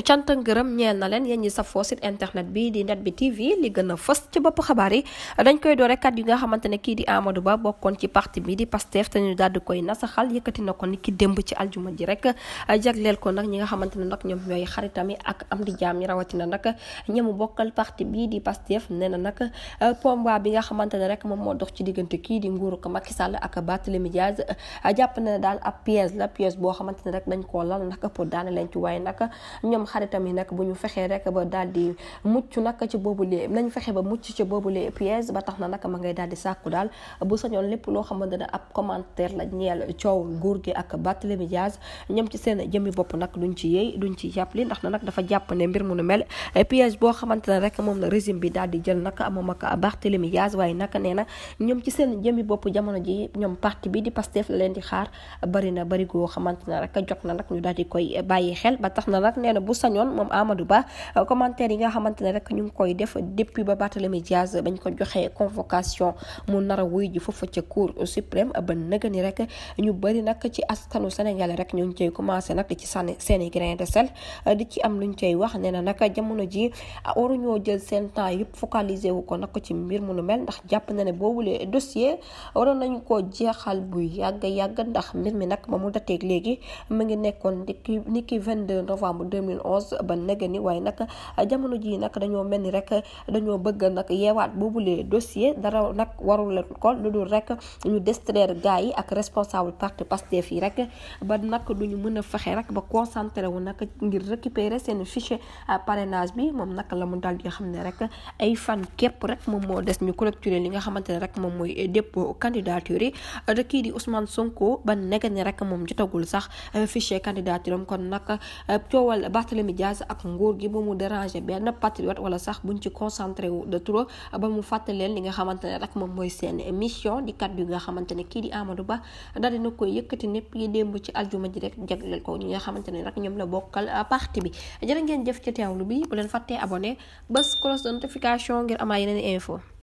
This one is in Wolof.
cant ngërëm ñeen na leen yéen ñi safoo site internet bi di net bi TV li gën a fës ci bopp xabaar yi dañ koy doore kat yi nga xamante ne kii di Amadou Ba bokkoon ci parti bi di Pastef daal di koy nasaxal yëkkati na ko ki démb ci aljuma ji rek jagleel ko nag ñi nga xamante ne nag ñoom ñooy xaritam yi ak am di jaam yi rawatina nag ñamu bokkal parti bii di Pastef nee na nag combat bi nga xamante ne rek moom moo dox ci diggante kii di nguuru ko Macky Sall ak Barthélémy Dias jàpp na daal ab pièce la pièce boo xamante ne rek dañ koo lal nag pour daane leen ci waaye nag ñoom mboolem xaritam yi nag bu ñu fexee rek ba daal di mucc nag ci boobu lee nañ tax na nag ma ngay daal di sàkku daal bu sañoon lépp loo xamante ne ab commentaire la ñeel coow nguur gi ak Barthélémy Dias ñoom ci seen jëmmi bopp nag duñ ci duñ ci jàppale ndax na nag dafa jàpp ne mbir mu nu boo xamante ne rek moom la régime bi daal di jël nag moom ak Barthélémy waaye nag nee na ñoom ci seen jëmmi bopp jamono ji ñoom parti bi di Pastef la leen di xaar bari na bari goo xamante ne rek jot na nag ñu daal koy bàyyi xel ba tax na nag nee bu bu sañoon moom Amadou Ba euh, commentaire yi nga xamante ne rek ñu ngi koy def depuis ba Barthélémy Diaz bañ ko joxee convocation mu nar a wuy ji foofu ca cour suprême ba nëga ni rek ñu bëri nag ci askanu Sénégal rek ñu ngi cay commencé nag di ci sànni seeni de sel euh, di ci am luñ cay wax nee na nag jamono ji ah, waruñoo jël seen temps yëpp focalisé wu ko nag ci mbir mu nu mel ndax jàpp na ne boobule dossier waroon nañu ko jeexal bu yàgg yàgg ndax mbir mi nag ba mu dateeg 2011 ba nëgëni waaye nag jamono jii nag dañoo mel ni rek dañoo bëgg nag yeewaat boobu boobulee dossier dara nag warul ko lu dul rek ñu distraire gars yi ak responsable parti Pastef yi rek ba nag du ñu mën a fexe rek ba concentré wu nag ngir récupérer seen fichier parrainage bi moom nag la mu dal di xam ne rek ay fan képp rek moom moo des ñu collecturer li nga xamante ne rek moom mooy dépôt candidature yi da kii di Ousmane Sonko ba nëgëni rek moom jotagul sax fichier candidature kon nag coowal Barthélemy Dias ak nguur gi ba mu déranger benn patriote wala sax buñ ci concentré wu de trop ba mu fàttali leen li nga xamante rek moom mooy seen mission di kàddu yi nga xamante ne kii di Amadou Ba daal koy yëkkati népp yi démb ci aljuma ji rek jagleel ko ñi nga xamante ne rek ñoom la bokkal parti bi jërë ngeen jëf ci teewlu bi bu leen fàttee abonné bés cloche de ngir amaa yeneen info